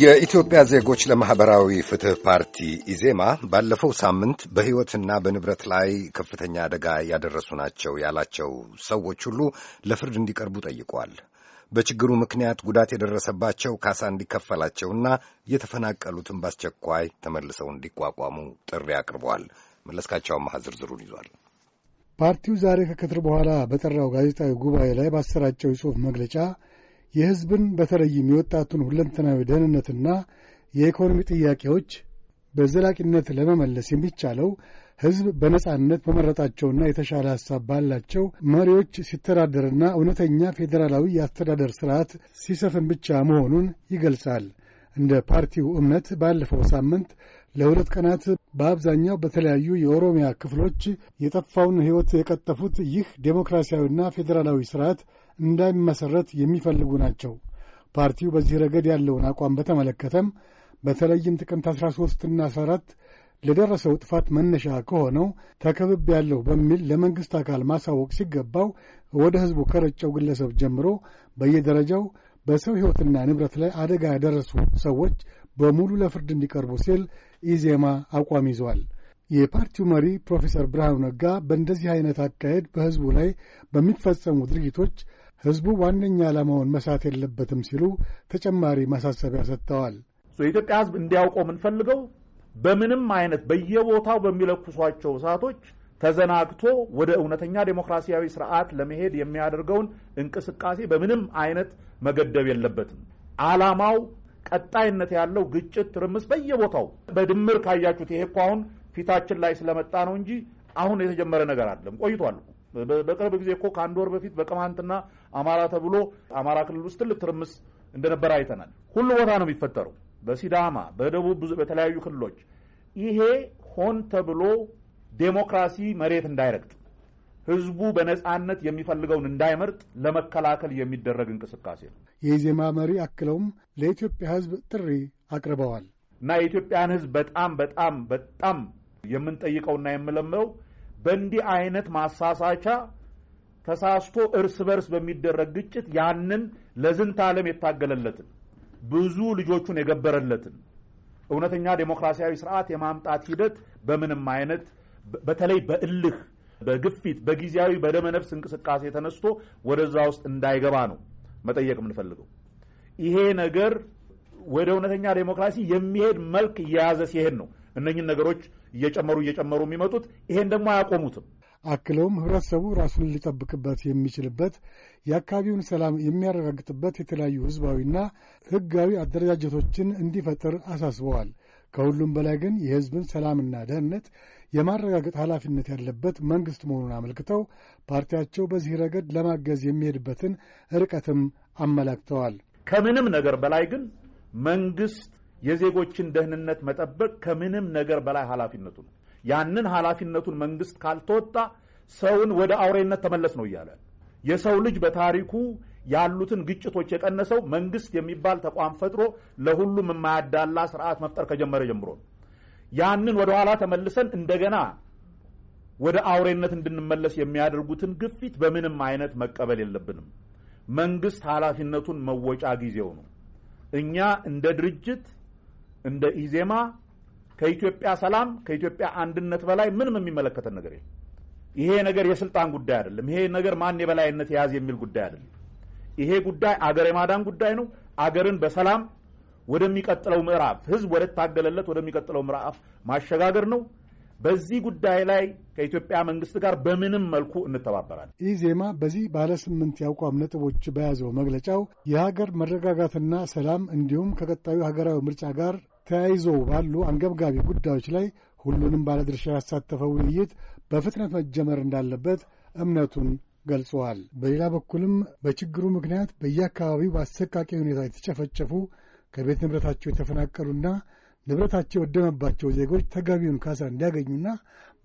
የኢትዮጵያ ዜጎች ለማኅበራዊ ፍትሕ ፓርቲ ኢዜማ ባለፈው ሳምንት በሕይወትና በንብረት ላይ ከፍተኛ አደጋ ያደረሱ ናቸው ያላቸው ሰዎች ሁሉ ለፍርድ እንዲቀርቡ ጠይቋል። በችግሩ ምክንያት ጉዳት የደረሰባቸው ካሳ እንዲከፈላቸውና የተፈናቀሉትን በአስቸኳይ ተመልሰው እንዲቋቋሙ ጥሪ አቅርበዋል። መለስካቸው አማሃ ዝርዝሩን ይዟል። ፓርቲው ዛሬ ከቀትር በኋላ በጠራው ጋዜጣዊ ጉባኤ ላይ ባሰራጨው የጽሑፍ መግለጫ የሕዝብን በተለይም የወጣቱን ሁለንተናዊ ደህንነትና የኢኮኖሚ ጥያቄዎች በዘላቂነት ለመመለስ የሚቻለው ሕዝብ በነጻነት በመረጣቸውና የተሻለ ሐሳብ ባላቸው መሪዎች ሲተዳደርና እውነተኛ ፌዴራላዊ የአስተዳደር ሥርዓት ሲሰፍን ብቻ መሆኑን ይገልጻል። እንደ ፓርቲው እምነት ባለፈው ሳምንት ለሁለት ቀናት በአብዛኛው በተለያዩ የኦሮሚያ ክፍሎች የጠፋውን ሕይወት የቀጠፉት ይህ ዴሞክራሲያዊና ፌዴራላዊ ስርዓት እንዳይመሠረት የሚፈልጉ ናቸው። ፓርቲው በዚህ ረገድ ያለውን አቋም በተመለከተም በተለይም ጥቅምት 13ና 14 ለደረሰው ጥፋት መነሻ ከሆነው ተከብብ ያለው በሚል ለመንግሥት አካል ማሳወቅ ሲገባው ወደ ሕዝቡ ከረጨው ግለሰብ ጀምሮ በየደረጃው በሰው ሕይወትና ንብረት ላይ አደጋ ያደረሱ ሰዎች በሙሉ ለፍርድ እንዲቀርቡ ሲል ኢዜማ አቋም ይዟል። የፓርቲው መሪ ፕሮፌሰር ብርሃኑ ነጋ በእንደዚህ አይነት አካሄድ በሕዝቡ ላይ በሚፈጸሙ ድርጊቶች ሕዝቡ ዋነኛ ዓላማውን መሳት የለበትም ሲሉ ተጨማሪ ማሳሰቢያ ሰጥተዋል። የኢትዮጵያ ሕዝብ እንዲያውቀው የምንፈልገው በምንም አይነት በየቦታው በሚለኩሷቸው እሳቶች ተዘናግቶ ወደ እውነተኛ ዴሞክራሲያዊ ስርዓት ለመሄድ የሚያደርገውን እንቅስቃሴ በምንም አይነት መገደብ የለበትም። ዓላማው ቀጣይነት ያለው ግጭት፣ ትርምስ በየቦታው በድምር ካያችሁት ይሄ እኮ አሁን ፊታችን ላይ ስለመጣ ነው እንጂ አሁን የተጀመረ ነገር አይደለም፣ ቆይቷል። በቅርብ ጊዜ እኮ ከአንድ ወር በፊት በቅማንትና አማራ ተብሎ አማራ ክልል ውስጥ ትልቅ ትርምስ እንደነበረ አይተናል። ሁሉ ቦታ ነው የሚፈጠረው፣ በሲዳማ፣ በደቡብ፣ በተለያዩ ክልሎች። ይሄ ሆን ተብሎ ዴሞክራሲ መሬት እንዳይረግጥ ህዝቡ በነጻነት የሚፈልገውን እንዳይመርጥ ለመከላከል የሚደረግ እንቅስቃሴ ነው። የኢዜማ መሪ አክለውም ለኢትዮጵያ ህዝብ ጥሪ አቅርበዋል እና የኢትዮጵያን ህዝብ በጣም በጣም በጣም የምንጠይቀውና የምለምለው በእንዲህ አይነት ማሳሳቻ ተሳስቶ እርስ በርስ በሚደረግ ግጭት ያንን ለዝንተ ዓለም የታገለለትን ብዙ ልጆቹን የገበረለትን እውነተኛ ዴሞክራሲያዊ ስርዓት የማምጣት ሂደት በምንም አይነት በተለይ በእልህ በግፊት በጊዜያዊ በደመነፍስ እንቅስቃሴ ተነስቶ ወደዛ ውስጥ እንዳይገባ ነው መጠየቅ የምንፈልገው። ይሄ ነገር ወደ እውነተኛ ዴሞክራሲ የሚሄድ መልክ እየያዘ ሲሄድ ነው እነኝን ነገሮች እየጨመሩ እየጨመሩ የሚመጡት። ይሄን ደግሞ አያቆሙትም። አክለውም ህብረተሰቡ ራሱን ሊጠብቅበት የሚችልበት የአካባቢውን ሰላም የሚያረጋግጥበት የተለያዩ ህዝባዊና ህጋዊ አደረጃጀቶችን እንዲፈጥር አሳስበዋል። ከሁሉም በላይ ግን የሕዝብን ሰላምና ደህንነት የማረጋገጥ ኃላፊነት ያለበት መንግሥት መሆኑን አመልክተው ፓርቲያቸው በዚህ ረገድ ለማገዝ የሚሄድበትን ርቀትም አመላክተዋል። ከምንም ነገር በላይ ግን መንግሥት የዜጎችን ደህንነት መጠበቅ ከምንም ነገር በላይ ኃላፊነቱ ነው። ያንን ኃላፊነቱን መንግሥት ካልተወጣ ሰውን ወደ አውሬነት ተመለስ ነው እያለ የሰው ልጅ በታሪኩ ያሉትን ግጭቶች የቀነሰው መንግስት የሚባል ተቋም ፈጥሮ ለሁሉም የማያዳላ ስርዓት መፍጠር ከጀመረ ጀምሮ ነው። ያንን ወደ ኋላ ተመልሰን እንደገና ወደ አውሬነት እንድንመለስ የሚያደርጉትን ግፊት በምንም አይነት መቀበል የለብንም። መንግስት ኃላፊነቱን መወጫ ጊዜው ነው። እኛ እንደ ድርጅት እንደ ኢዜማ ከኢትዮጵያ ሰላም ከኢትዮጵያ አንድነት በላይ ምንም የሚመለከተን ነገር የለም። ይሄ ነገር የስልጣን ጉዳይ አይደለም። ይሄ ነገር ማን የበላይነት የያዝ የሚል ጉዳይ አይደለም። ይሄ ጉዳይ አገር የማዳን ጉዳይ ነው። አገርን በሰላም ወደሚቀጥለው ምዕራፍ ህዝብ ወደ ታገለለት ወደሚቀጥለው ምዕራፍ ማሸጋገር ነው። በዚህ ጉዳይ ላይ ከኢትዮጵያ መንግስት ጋር በምንም መልኩ እንተባበራለን። ኢዜማ በዚህ ባለ ስምንት የአቋም ነጥቦች በያዘው መግለጫው የሀገር መረጋጋትና ሰላም እንዲሁም ከቀጣዩ ሀገራዊ ምርጫ ጋር ተያይዞ ባሉ አንገብጋቢ ጉዳዮች ላይ ሁሉንም ባለድርሻ ያሳተፈው ውይይት በፍጥነት መጀመር እንዳለበት እምነቱን ገልጸዋል። በሌላ በኩልም በችግሩ ምክንያት በየአካባቢው በአሰቃቂ ሁኔታ የተጨፈጨፉ ከቤት ንብረታቸው የተፈናቀሉና ንብረታቸው የወደመባቸው ዜጎች ተገቢውን ካሳ እንዲያገኙና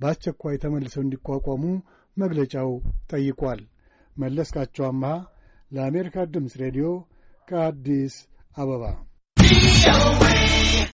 በአስቸኳይ ተመልሰው እንዲቋቋሙ መግለጫው ጠይቋል። መለስካቸው አምሃ ለአሜሪካ ድምፅ ሬዲዮ ከአዲስ አበባ